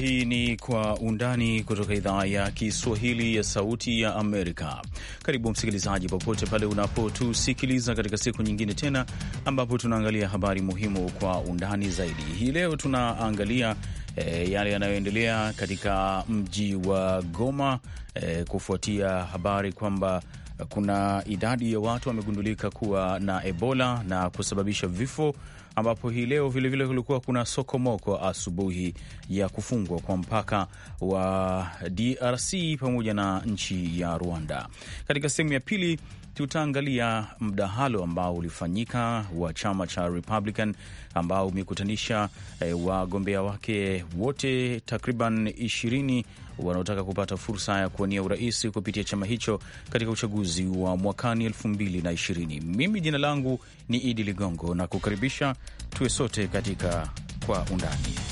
Hii ni Kwa Undani kutoka idhaa ya Kiswahili ya Sauti ya Amerika. Karibu msikilizaji, popote pale unapotusikiliza katika siku nyingine tena, ambapo tunaangalia habari muhimu kwa undani zaidi. Hii leo tunaangalia e, yale yanayoendelea katika mji wa Goma e, kufuatia habari kwamba kuna idadi ya watu wamegundulika kuwa na Ebola na kusababisha vifo ambapo hii leo vilevile kulikuwa kuna sokomoko asubuhi ya kufungwa kwa mpaka wa DRC pamoja na nchi ya Rwanda. Katika sehemu ya pili tutaangalia mdahalo ambao ulifanyika wa chama cha Republican ambao umekutanisha e, wagombea wake wote takriban ishirini wanaotaka kupata fursa ya kuwania urais kupitia chama hicho katika uchaguzi wa mwakani 220 Mimi jina langu ni Idi Ligongo na kukaribisha tuwe sote katika Kwa Undani.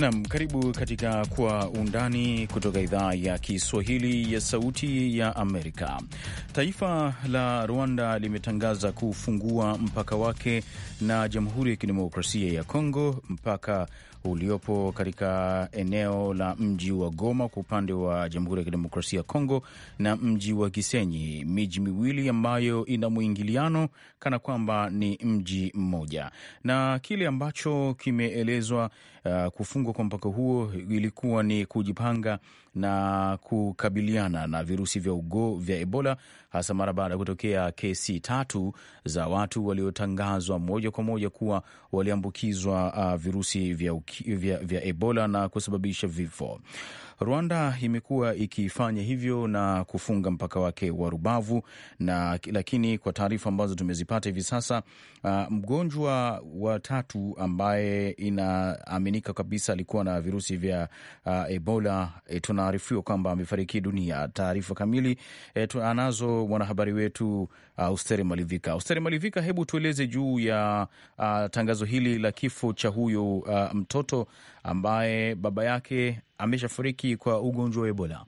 Nam, karibu katika Kwa Undani kutoka idhaa ya Kiswahili ya Sauti ya Amerika. Taifa la Rwanda limetangaza kufungua mpaka wake na Jamhuri ya Kidemokrasia ya Kongo, mpaka uliopo katika eneo la mji wa Goma kwa upande wa Jamhuri ya Kidemokrasia ya Kongo na mji wa Gisenyi, miji miwili ambayo ina mwingiliano kana kwamba ni mji mmoja, na kile ambacho kimeelezwa uh, kufungwa kwa mpaka huo ilikuwa ni kujipanga na kukabiliana na virusi vya ugo vya Ebola, hasa mara baada ya kutokea kesi tatu za watu waliotangazwa moja kwa moja kuwa waliambukizwa uh, virusi vya, uki, vya, vya Ebola na kusababisha vifo. Rwanda imekuwa ikifanya hivyo na kufunga mpaka wake wa Rubavu na, lakini kwa taarifa ambazo tumezipata hivi sasa uh, mgonjwa wa tatu ambaye inaaminika kabisa alikuwa na virusi vya uh, Ebola etuna eh, tunaarifiwa kwamba amefariki dunia. Taarifa kamili etu, eh, anazo mwanahabari wetu uh, ah, Usteri Malivika. Usteri Malivika, hebu tueleze juu ya uh, tangazo hili la kifo cha huyo uh, mtoto ambaye baba yake ameshafariki kwa ugonjwa wa Ebola.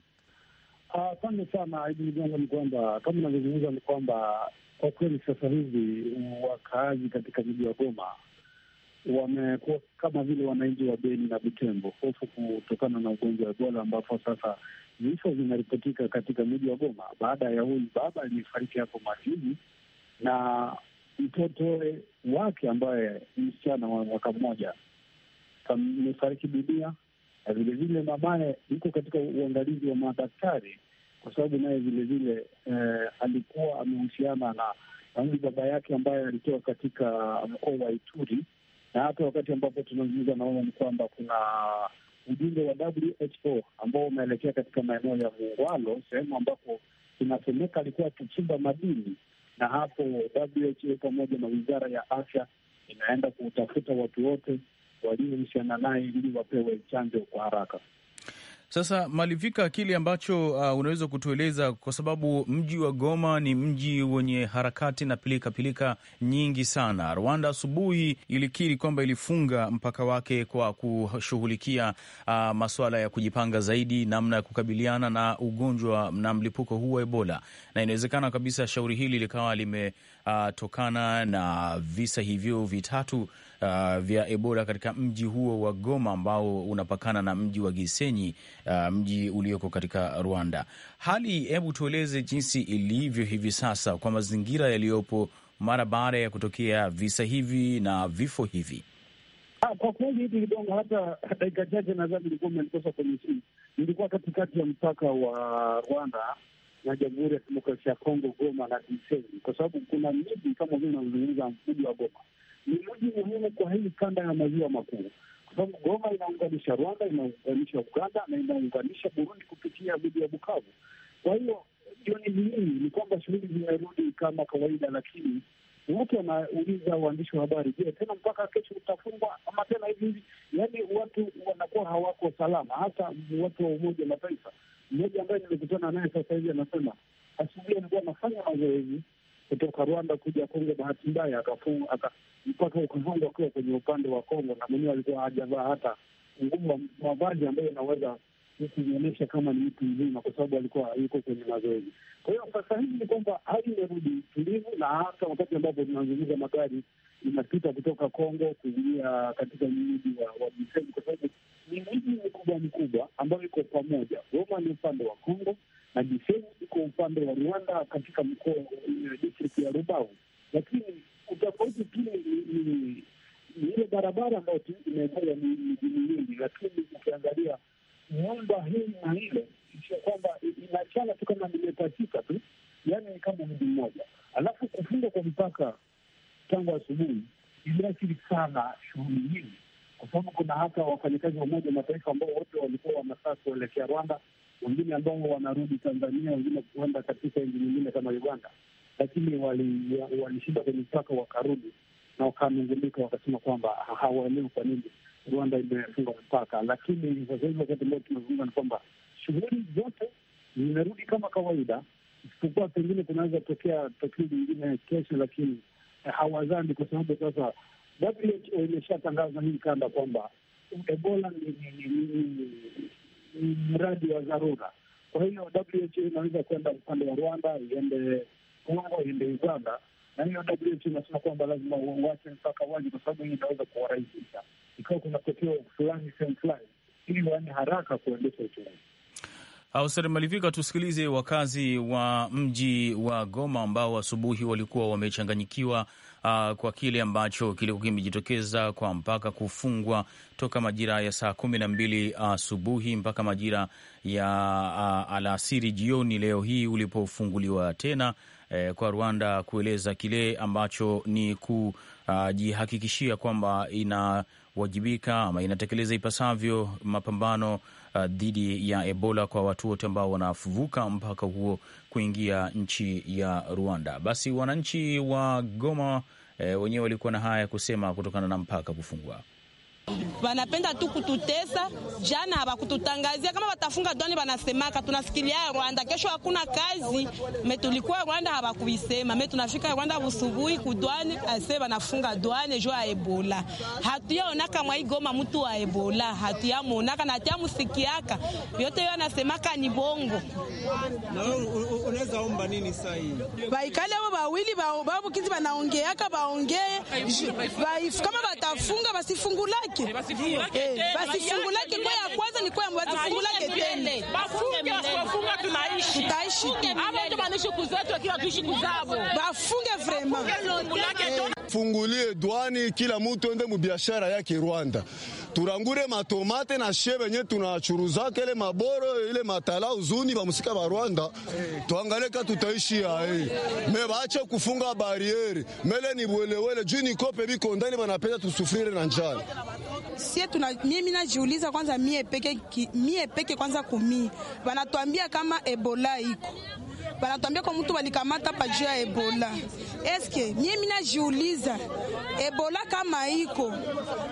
Asante uh, sana Idi Ligongo. Ni kwamba kama unavyozungumza, ni kwamba kwa kweli sasa hivi wakaazi katika mji wa Goma wamekuwa kama vile wananchi wa Beni na Butembo, hofu kutokana na ugonjwa wa Ebola, ambapo sasa vifo vinaripotika katika mji wa Goma baada ya huyu baba aliyefariki hapo majini na mtoto wake ambaye msichana wa mwaka mmoja amefariki dunia, na vilevile mamaye yuko katika uangalizi wa madaktari kwa sababu naye vilevile eh, alikuwa amehusiana na na huyu baba yake ambaye alitoka katika mkoa wa Ituri na hata wakati ambapo tunazungumza, naona ni kwamba kuna ujumbe wa WHO ambao umeelekea katika maeneo ya Muungwalo, sehemu ambapo inasemeka alikuwa akichimba madini, na hapo WHO pamoja na wizara ya afya inaenda kutafuta watu wote waliohusiana naye ili wapewe chanjo kwa haraka. Sasa Malivika, kile ambacho uh, unaweza kutueleza, kwa sababu mji wa Goma ni mji wenye harakati na pilikapilika pilika nyingi sana. Rwanda asubuhi ilikiri kwamba ilifunga mpaka wake kwa kushughulikia uh, masuala ya kujipanga zaidi, namna ya kukabiliana na ugonjwa na mlipuko huu wa Ebola, na inawezekana kabisa shauri hili likawa limetokana uh, na visa hivyo vitatu uh, vya Ebola katika mji huo wa Goma ambao unapakana na mji wa Gisenyi, uh, mji ulioko katika Rwanda. Hali, hebu tueleze jinsi ilivyo hivi sasa kwa mazingira yaliyopo mara baada ya kutokea visa hivi na vifo hivi. Ah, kwa kweli hivi Ligongo, hata dakika chache nadhani ilikuwa umenikosa kwenye simu. Nilikuwa katikati ya mpaka wa Rwanda na Jamhuri ya Kidemokrasia ya Kongo, Goma na Gisenyi, kwa sababu kuna miji kama vile unaozungumza mji wa Goma ni mji muhimu kwa hii kanda ya maziwa makuu, kwa sababu Goma inaunganisha Rwanda, inaunganisha Uganda na inaunganisha Burundi kupitia mji wa Bukavu. Kwa hiyo jioni hii ni kwamba shughuli zimerudi kama kawaida, lakini watu wanauliza waandishi wa habari, je, tena mpaka kesho utafungwa ama tena hivi hivi? Yaani watu wanakuwa hawako salama, hata watu wa Umoja Mataifa. Mmoja ambaye nimekutana naye sasa hivi anasema asubuhi alikuwa anafanya mazoezi kutoka Rwanda kuja Kongo, bahati mbaya mpaka ukavunga akiwa kwenye upande wa Kongo, na mwenyewe alikuwa hajavaa hata ngumu mavazi ambayo inaweza kuonyesha kama ni mtu mzima, kwa sababu alikuwa yuko kwenye mazoezi. Kwa hiyo sasa hivi ni kwamba hali imerudi tulivu, na hata wakati ambapo tunazungumza magari inapita kutoka Kongo kuingia katika mji wa Biseni, kwa sababu ni miji mikubwa mikubwa ambayo iko pamoja. Goma ni upande wa Kongo na Biseni iko upande wa Rwanda, katika mkoa district ya Rubavu. Lakini utofauti tu ni ile barabara ambayo imefanya miji miwili, lakini ukiangalia nyumba hii na ile sio kwamba inachana tu kama imepachika tu, yani ni kama mji mmoja, alafu kufungwa kwa mpaka tangu asubuhi iliathiri sana shughuli nyingi, kwa sababu kuna hata wafanyakazi wa Umoja wa Mataifa ambao wote walikuwa wanasafiri kuelekea Rwanda, wengine ambao wanarudi Tanzania, wengine kuenda katika nchi nyingine kama Uganda, lakini walishinda kwenye mpaka wakarudi na wakanungulika, wakasema kwamba hawaelewi kwa nini Rwanda imefunga mpaka. Lakini sasa hivi wakati ambao tunazungumza ni kwamba shughuli zote zimerudi kama kawaida, isipokuwa pengine kunaweza tokea tukio lingine kesho, lakini hawazani, kwa sababu sasa WHO imeshatangaza hii kanda kwamba Ebola ni mradi wa dharura. Kwa hiyo WHO inaweza kwenda upande wa Rwanda, iende Kongo, iende Uganda, na hiyo WHO inasema kwamba lazima uwache mpaka waji, kwa sababu hii inaweza kuwarahisisha ikiwa kuna tokeo fulani sehemu fulani, ili waende haraka kuendesha uchunguzi. Ausar Malivika, tusikilize wakazi wa mji wa Goma ambao asubuhi walikuwa wamechanganyikiwa uh, kwa kile ambacho kilikuwa kimejitokeza kwa mpaka kufungwa toka majira ya saa kumi na mbili asubuhi uh, mpaka majira ya uh, alasiri jioni leo hii ulipofunguliwa tena eh, kwa Rwanda kueleza kile ambacho ni kujihakikishia uh, kwamba inawajibika ama inatekeleza ipasavyo mapambano uh, dhidi ya Ebola kwa watu wote ambao wanavuka mpaka huo kuingia nchi ya Rwanda. Basi wananchi wa Goma eh, wenyewe walikuwa na haya ya kusema kutokana na mpaka kufungwa. Wanapenda tu kututesa. Jana hawakututangazia kama watafunga dwani, wanasemaka tunasikilia Rwanda, kesho hakuna kazi. tulikuwa Rwanda hawakuisema, tunafika Rwanda busubuhi kudwani, ase wanafunga dwani jo ya Ebola. Hatuyaonaka mwa Igoma mtu wa Ebola, hatuyamonaka na hatuyamusikiaka. Yote hiyo anasemaka ni bongo. unaweza omba nini sasa hivi? Baikale wao bawili babu kizi banaongeaka baongee, kama batafunga basifungulake Eh, basi fungu lake kwa ya kwanza ni kwa fungu lake tena bafunge, tunaishi tutaishi hapo kuzetu tuishi kuzabo, bafunge vraiment fungulie dwani, kila mtu ende mu biashara yake Rwanda, turangure matomate na shie benye tunachuruza kele maboro ile matala uzuni ba musika ba Rwanda, tuangalie ka tutaishi hai eh. me baache kufunga bariere mele ni bwelewele juu ni kope biko ndani banapenda tusufrire na njala sie tuna mimi najiuliza kwanza, mie peke mie peke kwanza kumi wanatuambia kama Ebola iko wanatuambia kwa mtu walikamata pa juu ya Ebola. Eske mie mina jiuliza Ebola kama iko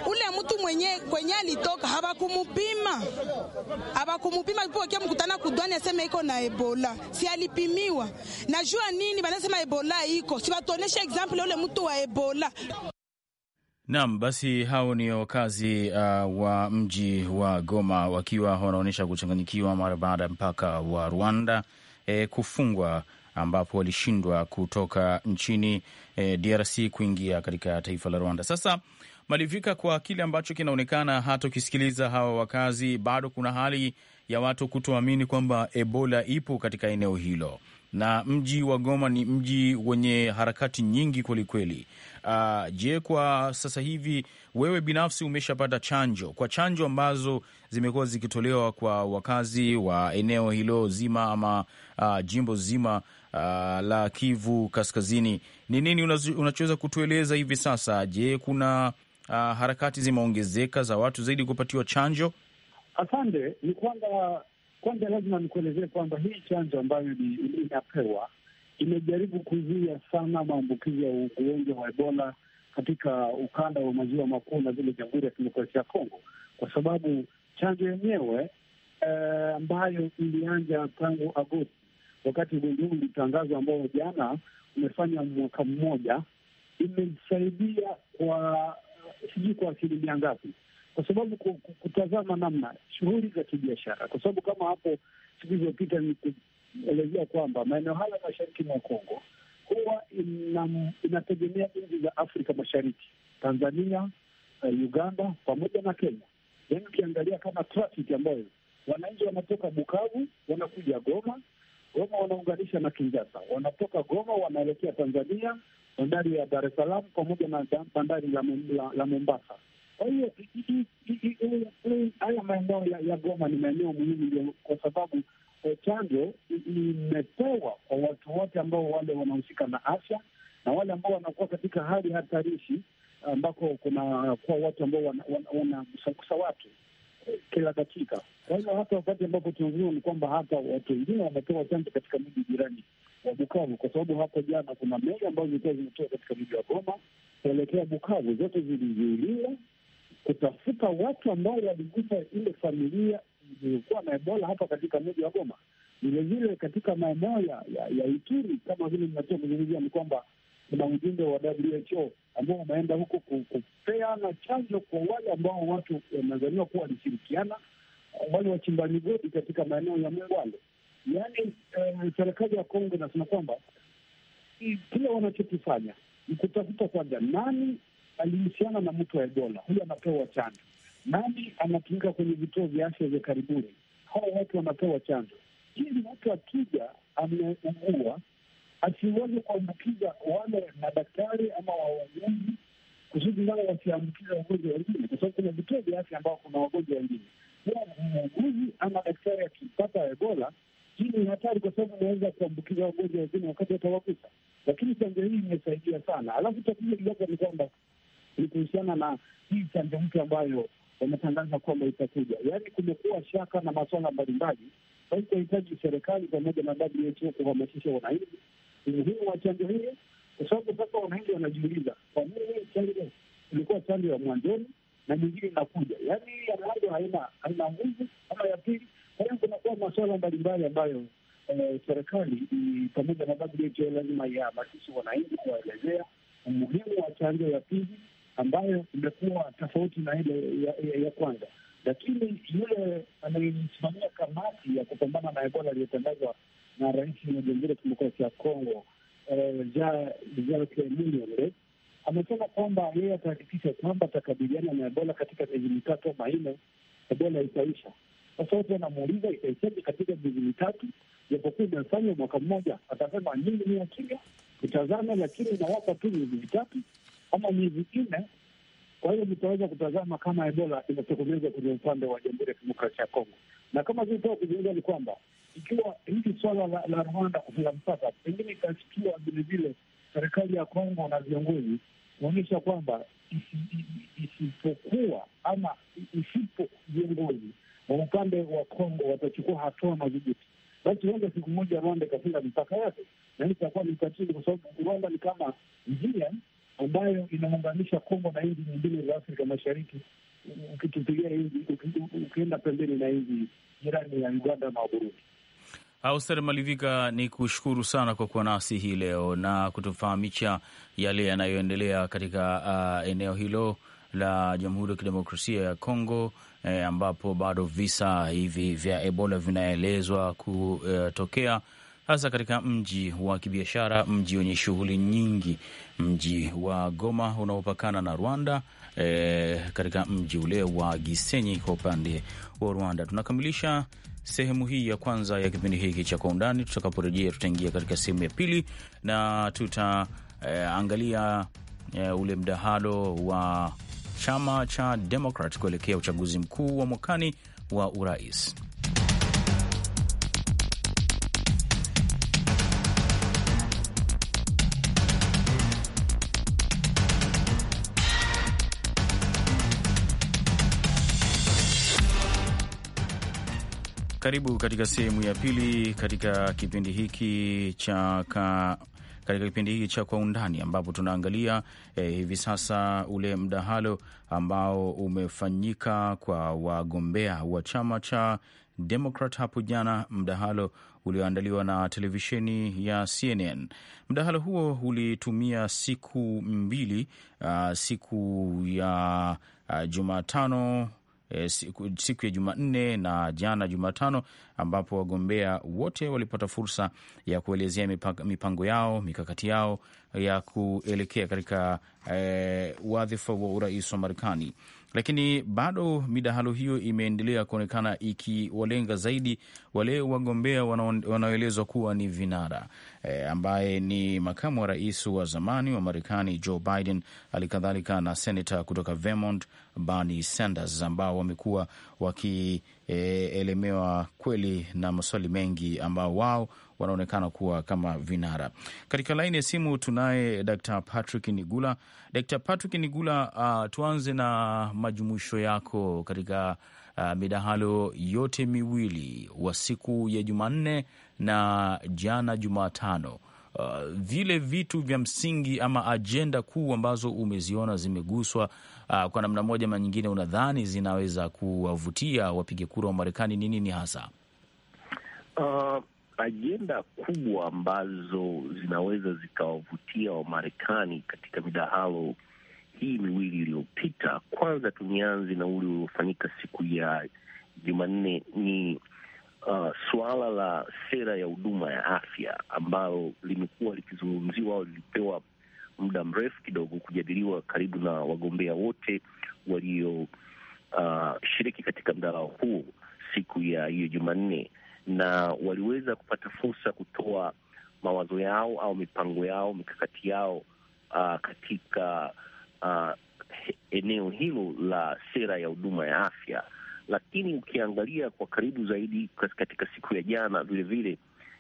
ule mtu mwenye kwenye alitoka habakumupima, habakumupima wakia mkutana kudwani aseme iko na Ebola, si alipimiwa? Najua nini banasema Ebola iko, si batuoneshe example ule mtu wa Ebola. Naam, basi hao ni wakazi uh, wa mji wa Goma wakiwa wanaonyesha kuchanganyikiwa mara baada ya mpaka wa Rwanda e, kufungwa ambapo walishindwa kutoka nchini e, eh, DRC kuingia katika taifa la Rwanda. Sasa malivika kwa kile ambacho kinaonekana, hata ukisikiliza hawa wakazi, bado kuna hali ya watu kutoamini kwamba Ebola ipo katika eneo hilo na mji wa Goma ni mji wenye harakati nyingi kwelikweli. Uh, ah, je, kwa sasa hivi wewe binafsi umeshapata chanjo? Kwa chanjo ambazo zimekuwa zikitolewa kwa wakazi wa eneo hilo zima ama uh, jimbo zima uh, la Kivu Kaskazini, ni nini unachoweza kutueleza hivi sasa? Je, kuna uh, harakati zimeongezeka za watu zaidi kupatiwa chanjo? Asante. Ni kwamba kwanza lazima nikuelezee kwamba hii chanjo ambayo inapewa imejaribu kuzuia sana maambukizi ya ugonjwa wa Ebola katika ukanda wa maziwa makuu na vile Jamhuri ya Kidemokrasia ya Kongo, kwa sababu chanjo yenyewe eh, ambayo ilianja tangu Agosti wakati ugonjwa huu ulitangazwa, ambao jana umefanya mwaka mmoja, imesaidia kwa sijui kwa asilimia ngapi, kwa sababu kutazama namna shughuli za kibiashara, kwa sababu kama hapo siku iliyopita nikuelezea kwamba maeneo haya mashariki mwa Kongo huwa inategemea nchi za Afrika Mashariki, Tanzania, eh, Uganda pamoja na Kenya. Yaani ukiangalia kama traffic ambayo wananchi wanatoka Bukavu wanakuja Goma, Goma wanaunganisha na Kinshasa, wanatoka Goma wanaelekea Tanzania, bandari ya Dar es Salaam pamoja na bandari la Mombasa. Kwa hiyo haya maeneo ya Goma ni maeneo muhimu, kwa sababu eh, chanjo imepewa kwa watu wote ambao wale wanahusika na afya na wale ambao wanakuwa katika hali hatarishi, ambako kuna kuwa watu ambao wanagusagusa watu eh, kila dakika. Kwa hiyo hata wakati ambapo tunazungumza ni kwamba hata watu wengine wamepewa chanjo katika miji jirani wa Bukavu, kwa sababu hapo jana kuna meli ambazo zilikuwa zimetoka katika mji wa Goma kuelekea Bukavu, zote zilizuiliwa kutafuta watu ambao waligusa ile familia iliyokuwa na Ebola hapa katika mji wa Goma, vilevile katika maeneo ya, ya, ya Ituri kama vile ninachoa kuzungumzia ni kwamba kuna ujumbe wa WHO ambao wameenda huko kupeana chanjo kwa wale ambao watu eh, wanadhaniwa kuwa walishirikiana, eh, wale wachimba migodi katika maeneo ya Mungwale. Yaani eh, serikali ya Kongo inasema kwamba eh, kile wanachokifanya ni kutafuta kwanza nani alihusiana na mtu wa Ebola. Huyu anapewa chanjo, nani anatumika kwenye vituo vya afya vya karibuni. Hawa watu wanapewa chanjo ili mtu akija ameugua asiweze kuambukiza wale madaktari ama wauguzi, kusudi nao wasiambukiza wagonjwa wengine, kwa sababu kuna vituo vya afya ambao kuna wagonjwa wengine. Huwa muuguzi ama daktari akipata Ebola, hii ni hatari, kwa sababu unaweza kuambukiza wagonjwa wengine wakati atawagusa. Lakini chanjo hii imesaidia sana. Alafu tatizo liliopo ni kwamba ni kuhusiana na hii chanjo mpya ambayo wametangaza kwamba itakuja. Yaani kumekuwa shaka na maswala mbalimbali, basi tunahitaji serikali pamoja na WHO kuhamasisha wananchi umuhimu wa chanjo hii, kwa sababu sasa wananchi wanajiuliza kwa nini hii chanjo ilikuwa chanjo ya mwanzoni na nyingine inakuja, yaani hii ya mwanzo haina haina nguvu ama ya pili. Kwa hiyo kunakuwa maswala mbalimbali ambayo eh, serikali pamoja na WHO lazima ihamasishe wananchi kuwaelezea umuhimu wa chanjo ya pili ambayo imekuwa tofauti na ile ya, ya, ya kwanza, lakini yule anayesimamia kamati ya kupambana na Ebola aliyotangazwa na rais wa Jamhuri ya Kidemokrasia ya Kongo eh, amesema kwamba yeye atahakikisha kwamba atakabiliana na Ebola katika miezi mitatu ama nne, Ebola itaisha. Sasa wote wanamuuliza itaishaje katika miezi mitatu, japokuwa imefanywa mwaka mmoja? Atasema nyinyi ni ya kimya, itazame, lakini nawapa tu miezi mitatu ama miezi nne. Kwa hiyo nitaweza kutazama kama Ebola inatokomeza kwenye upande wa Jamhuri ya Kidemokrasia ya Kongo, na kama zilitoka kuzungumza ni kwamba ikiwa hili swala la, la Rwanda kufika mpaka pengine itasikiwa vilevile, serikali ya Kongo na viongozi kuonyesha kwamba isipokuwa ama isipo viongozi wa upande wa Kongo watachukua hatua madhubuti, basi huenda siku moja Rwanda ikafunga mipaka yake, na hii itakuwa ni tatizo, kwa sababu Rwanda ni kama njia ambayo inaunganisha Kongo na nchi nyingine za Afrika Mashariki, ukitupilia ukienda pembeni na nchi jirani ya Uganda na Burundi. Auster Malivika, ni kushukuru sana kwa kuwa nasi hii leo na kutufahamisha yale yanayoendelea katika uh, eneo hilo la Jamhuri ya Kidemokrasia ya Kongo eh, ambapo bado visa hivi vya Ebola vinaelezwa kutokea uh, hasa katika mji wa kibiashara, mji wenye shughuli nyingi, mji wa Goma unaopakana na Rwanda, e, katika mji ule wa Gisenyi kwa upande wa Rwanda. Tunakamilisha sehemu hii ya kwanza ya kipindi hiki cha Kwa Undani. Tutakaporejea tutaingia katika sehemu ya pili na tutaangalia eh, e, eh, e, ule mdahalo wa chama cha Demokrat kuelekea uchaguzi mkuu wa mwakani wa urais. Karibu katika sehemu ya pili katika kipindi hiki cha ka katika kipindi hiki cha Kwa Undani ambapo tunaangalia eh, hivi sasa ule mdahalo ambao umefanyika kwa wagombea wa chama cha Democrat hapo jana, mdahalo ulioandaliwa na televisheni ya CNN. Mdahalo huo ulitumia siku mbili, uh, siku ya uh, Jumatano Eh, siku, siku ya Jumanne na jana Jumatano, ambapo wagombea wote walipata fursa ya kuelezea mipango yao, mikakati yao ya kuelekea katika e, wadhifa wa urais wa Marekani lakini bado midahalo hiyo imeendelea kuonekana ikiwalenga zaidi wale wagombea wanaoelezwa kuwa ni vinara e, ambaye ni makamu wa rais wa zamani wa Marekani Joe Biden, halikadhalika na senata kutoka Vermont Bernie Sanders ambao wamekuwa waki E, elemewa kweli na maswali mengi ambao wao wanaonekana kuwa kama vinara. Katika laini ya simu tunaye Dr. Patrick Nigula. Dr. Patrick Nigula, uh, tuanze na majumuisho yako katika uh, midahalo yote miwili wa siku ya Jumanne na jana Jumatano uh, vile vitu vya msingi ama ajenda kuu ambazo umeziona zimeguswa uh, kwa namna moja ama nyingine, unadhani zinaweza kuwavutia wapiga kura wa Marekani ni nini hasa? Uh, ajenda kubwa ambazo zinaweza zikawavutia Wamarekani katika midahalo hii miwili iliyopita, kwanza tunianze na ule uliofanyika siku ya Jumanne ni uh, suala la sera ya huduma ya afya ambalo limekuwa likizungumziwa au lilipewa muda mrefu kidogo kujadiliwa karibu na wagombea wote walioshiriki uh, katika mdahalo huu siku ya hiyo Jumanne, na waliweza kupata fursa kutoa mawazo yao au mipango yao, mikakati yao uh, katika uh, eneo hilo la sera ya huduma ya afya lakini ukiangalia kwa karibu zaidi katika siku ya jana vilevile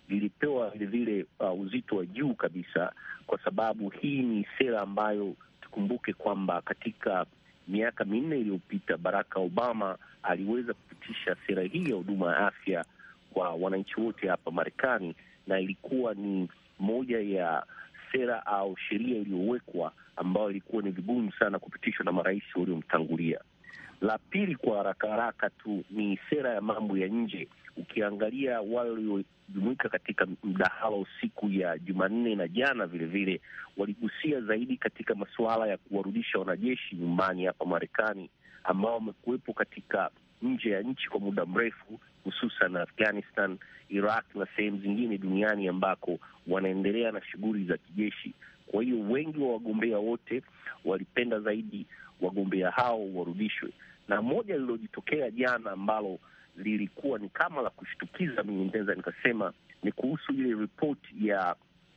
lilipewa vilevile uh, uzito wa juu kabisa, kwa sababu hii ni sera ambayo tukumbuke kwamba katika miaka minne iliyopita Barack Obama aliweza kupitisha sera hii ya huduma ya afya kwa wananchi wote hapa Marekani, na ilikuwa ni moja ya sera au sheria iliyowekwa ambayo ilikuwa ni vigumu sana kupitishwa na marais waliomtangulia. La pili kwa haraka haraka tu ni sera ya mambo ya nje. Ukiangalia wale waliojumuika katika mdahalo siku ya Jumanne na jana vilevile, waligusia zaidi katika masuala ya kuwarudisha wanajeshi nyumbani hapa Marekani ambao wamekuwepo katika nje ya nchi kwa muda mrefu, hususan Afghanistan, Iraq na sehemu zingine duniani ambako wanaendelea na shughuli za kijeshi. Kwa hiyo wengi wa wagombea wote walipenda zaidi wagombea hao warudishwe na moja lililojitokea jana ambalo lilikuwa ni kama la kushtukiza, mimi nitaweza nikasema ni kuhusu ile ripoti ya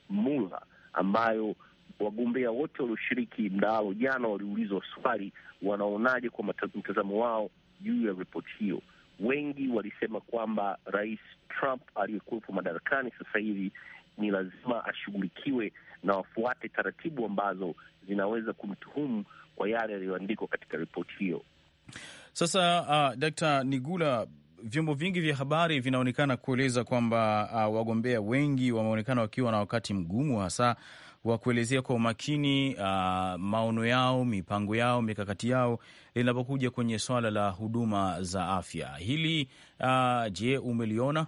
Mula ambayo wagombea wote walioshiriki mdahalo jana waliulizwa swali, wanaonaje kwa mtazamo wao juu ya ripoti hiyo. Wengi walisema kwamba Rais Trump aliyekuwepo madarakani sasa hivi ni lazima ashughulikiwe na wafuate taratibu ambazo zinaweza kumtuhumu kwa yale yaliyoandikwa katika ripoti hiyo. Sasa uh, Dkt. Nigula, vyombo vingi vya habari vinaonekana kueleza kwamba uh, wagombea wengi wameonekana wakiwa na wakati mgumu hasa wa kuelezea kwa umakini uh, maono yao, mipango yao, mikakati yao linapokuja kwenye swala la huduma za afya. Hili uh, je, umeliona?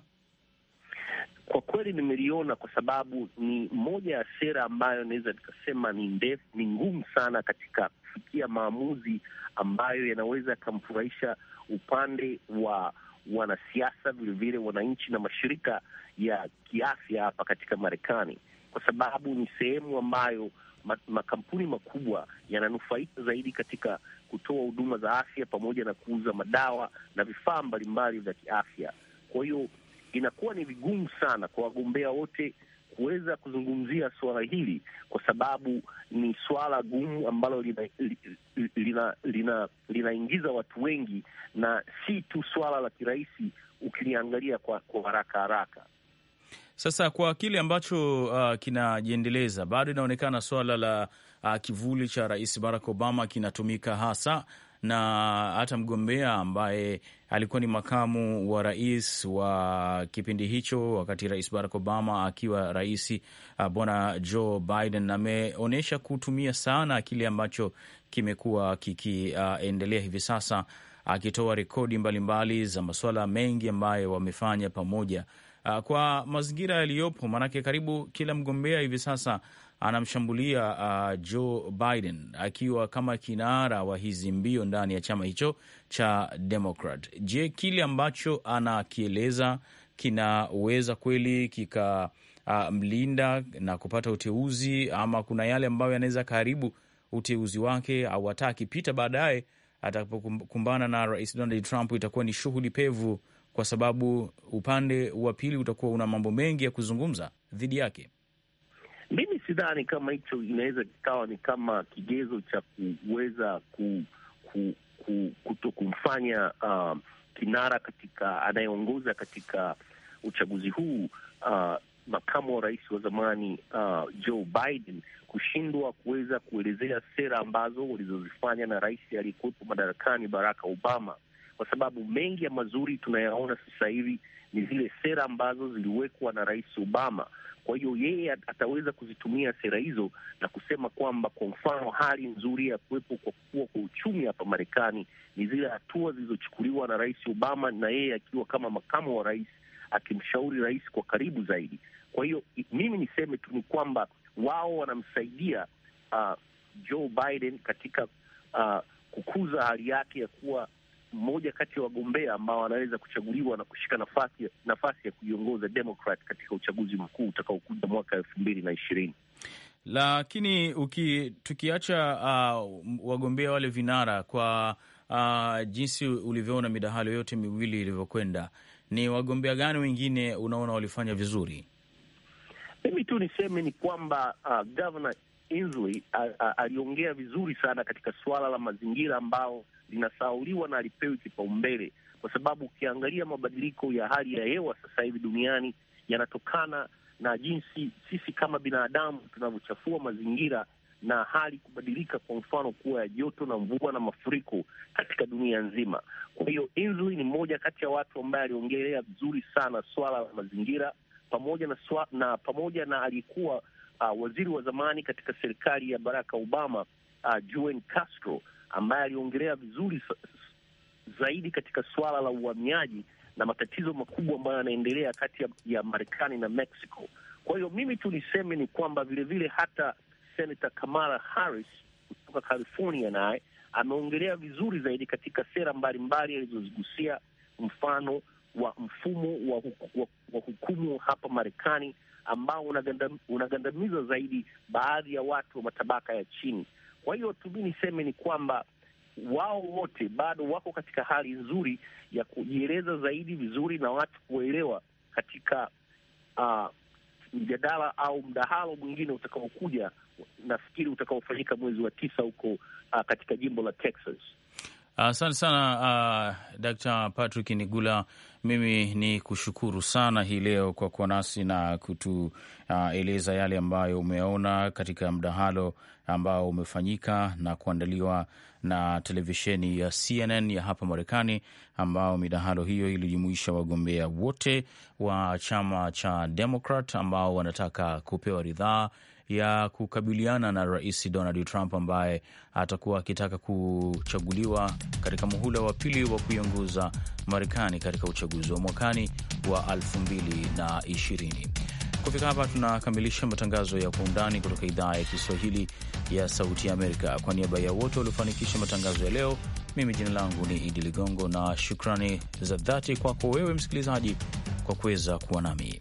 Kwa kweli nimeliona kwa sababu ni moja ya sera ambayo naweza nikasema ni ndefu, ni ngumu sana katika kufikia maamuzi ambayo yanaweza yakamfurahisha upande wa wanasiasa, vilevile wananchi na mashirika ya kiafya hapa katika Marekani, kwa sababu ni sehemu ambayo makampuni makubwa yananufaika zaidi katika kutoa huduma za afya pamoja na kuuza madawa na vifaa mbalimbali vya kiafya. Kwa hiyo inakuwa ni vigumu sana kwa wagombea wote kuweza kuzungumzia suala hili kwa sababu ni swala gumu ambalo linaingiza lina, lina, lina watu wengi, na si tu swala la kirahisi ukiliangalia kwa, kwa haraka haraka. Sasa kwa kile ambacho uh, kinajiendeleza bado inaonekana swala la uh, kivuli cha Rais Barack Obama kinatumika hasa na hata mgombea ambaye alikuwa ni makamu wa rais wa kipindi hicho wakati Rais Barack Obama akiwa rais, uh, bwana Joe Biden ameonyesha kutumia sana kile ambacho kimekuwa kikiendelea uh, hivi sasa akitoa rekodi mbalimbali za masuala mengi ambayo wamefanya pamoja uh, kwa mazingira yaliyopo, maanake karibu kila mgombea hivi sasa anamshambulia uh, Joe Biden akiwa kama kinara wa hizi mbio ndani ya chama hicho cha Democrat. Je, kile ambacho anakieleza kinaweza kweli kikamlinda uh, na kupata uteuzi ama kuna yale ambayo yanaweza kaharibu uteuzi wake au hata akipita baadaye atakapokumbana na Rais Donald Trump itakuwa ni shughuli pevu, kwa sababu upande wa pili utakuwa una mambo mengi ya kuzungumza dhidi yake sidhani kama hicho inaweza kikawa ni kama kigezo cha kuweza ku, ku, ku, kuto kumfanya uh, kinara katika anayeongoza katika uchaguzi huu uh, makamu wa rais wa zamani uh, Joe Biden kushindwa kuweza kuelezea sera ambazo walizozifanya na rais aliyekuwepo madarakani Barack Obama, kwa sababu mengi ya mazuri tunayaona sasa hivi ni zile sera ambazo ziliwekwa na rais Obama. Kwa hiyo yeye ataweza kuzitumia sera hizo na kusema kwamba, kwa mfano, hali nzuri ya kuwepo kwa kukua kwa uchumi hapa Marekani ni zile hatua zilizochukuliwa na Rais Obama, na yeye akiwa kama makamu wa rais akimshauri rais kwa karibu zaidi. Kwa hiyo mimi niseme tu ni kwamba wao wanamsaidia uh, Joe Biden katika uh, kukuza hali yake ya kuwa mmoja kati ya wagombea ambao anaweza kuchaguliwa na kushika nafasi, nafasi ya kuiongoza Demokrat katika uchaguzi mkuu utakaokuja mwaka elfu mbili na ishirini lakini uki, tukiacha uh, wagombea wale vinara kwa uh, jinsi ulivyoona midahalo yote miwili ilivyokwenda, ni wagombea gani wengine unaona walifanya vizuri? Mimi tu niseme ni kwamba uh, Governor Inslee uh, uh, aliongea vizuri sana katika suala la mazingira ambao linasauliwa na alipewi kipaumbele, kwa sababu ukiangalia mabadiliko ya hali ya hewa sasa hivi duniani yanatokana na jinsi sisi kama binadamu tunavyochafua mazingira na hali kubadilika, kwa mfano kuwa ya joto na mvua na mafuriko katika dunia nzima. Kwa hiyo Inslee ni mmoja kati ya watu ambaye aliongelea vizuri sana swala la mazingira pamoja na, swa, na pamoja na aliyekuwa uh, waziri wa zamani katika serikali ya Barack Obama uh, Juan Castro ambaye aliongelea vizuri zaidi katika suala la uhamiaji na matatizo makubwa ambayo yanaendelea kati ya, ya Marekani na Mexico. Kwa hiyo mimi tu niseme ni kwamba vilevile hata Senator Kamala Harris kutoka California naye ameongelea vizuri zaidi katika sera mbalimbali alizozigusia, mfano wa mfumo wa, wa, wa hukumu hapa Marekani ambao unagandamiza zaidi baadhi ya watu wa matabaka ya chini. Kwa hiyo tu mi niseme ni kwamba wao wote bado wako katika hali nzuri ya kujieleza zaidi vizuri na watu kuelewa katika uh, mjadala au mdahalo mwingine utakaokuja, nafikiri utakaofanyika mwezi wa tisa huko uh, katika jimbo la Texas. Asante uh, sana uh, Dkt. Patrick Nigula, mimi ni kushukuru sana hii leo kwa kuwa nasi na kutueleza uh, yale ambayo umeona katika mdahalo ambao umefanyika na kuandaliwa na televisheni ya CNN ya hapa Marekani, ambao midahalo hiyo ilijumuisha wagombea wote wa chama cha Democrat ambao wanataka kupewa ridhaa ya kukabiliana na Rais Donald Trump ambaye atakuwa akitaka kuchaguliwa katika muhula wa pili wa kuiongoza Marekani katika uchaguzi wa mwakani wa 2020. Kufika hapa tunakamilisha matangazo ya Kwa Undani kutoka idhaa ya Kiswahili ya Sauti ya Amerika. Kwa niaba ya wote waliofanikisha matangazo ya leo, mimi jina langu ni Idi Ligongo na shukrani za dhati kwako wewe msikilizaji kwa kuweza kuwa nami.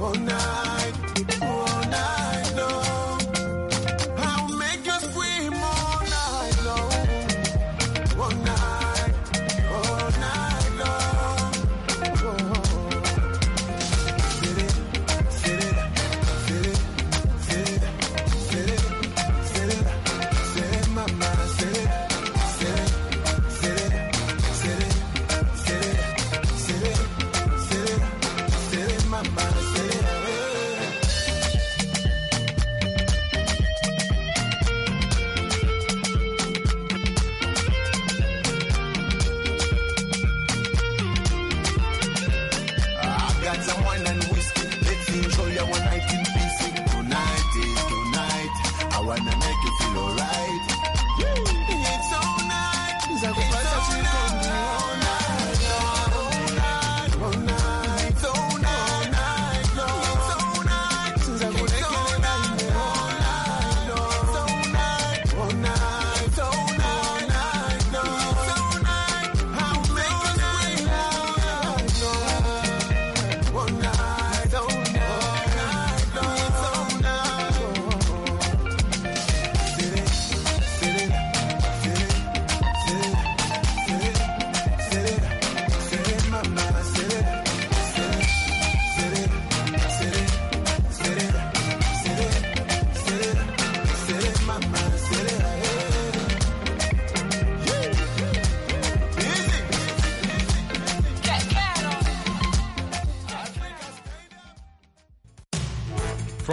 Oh, now.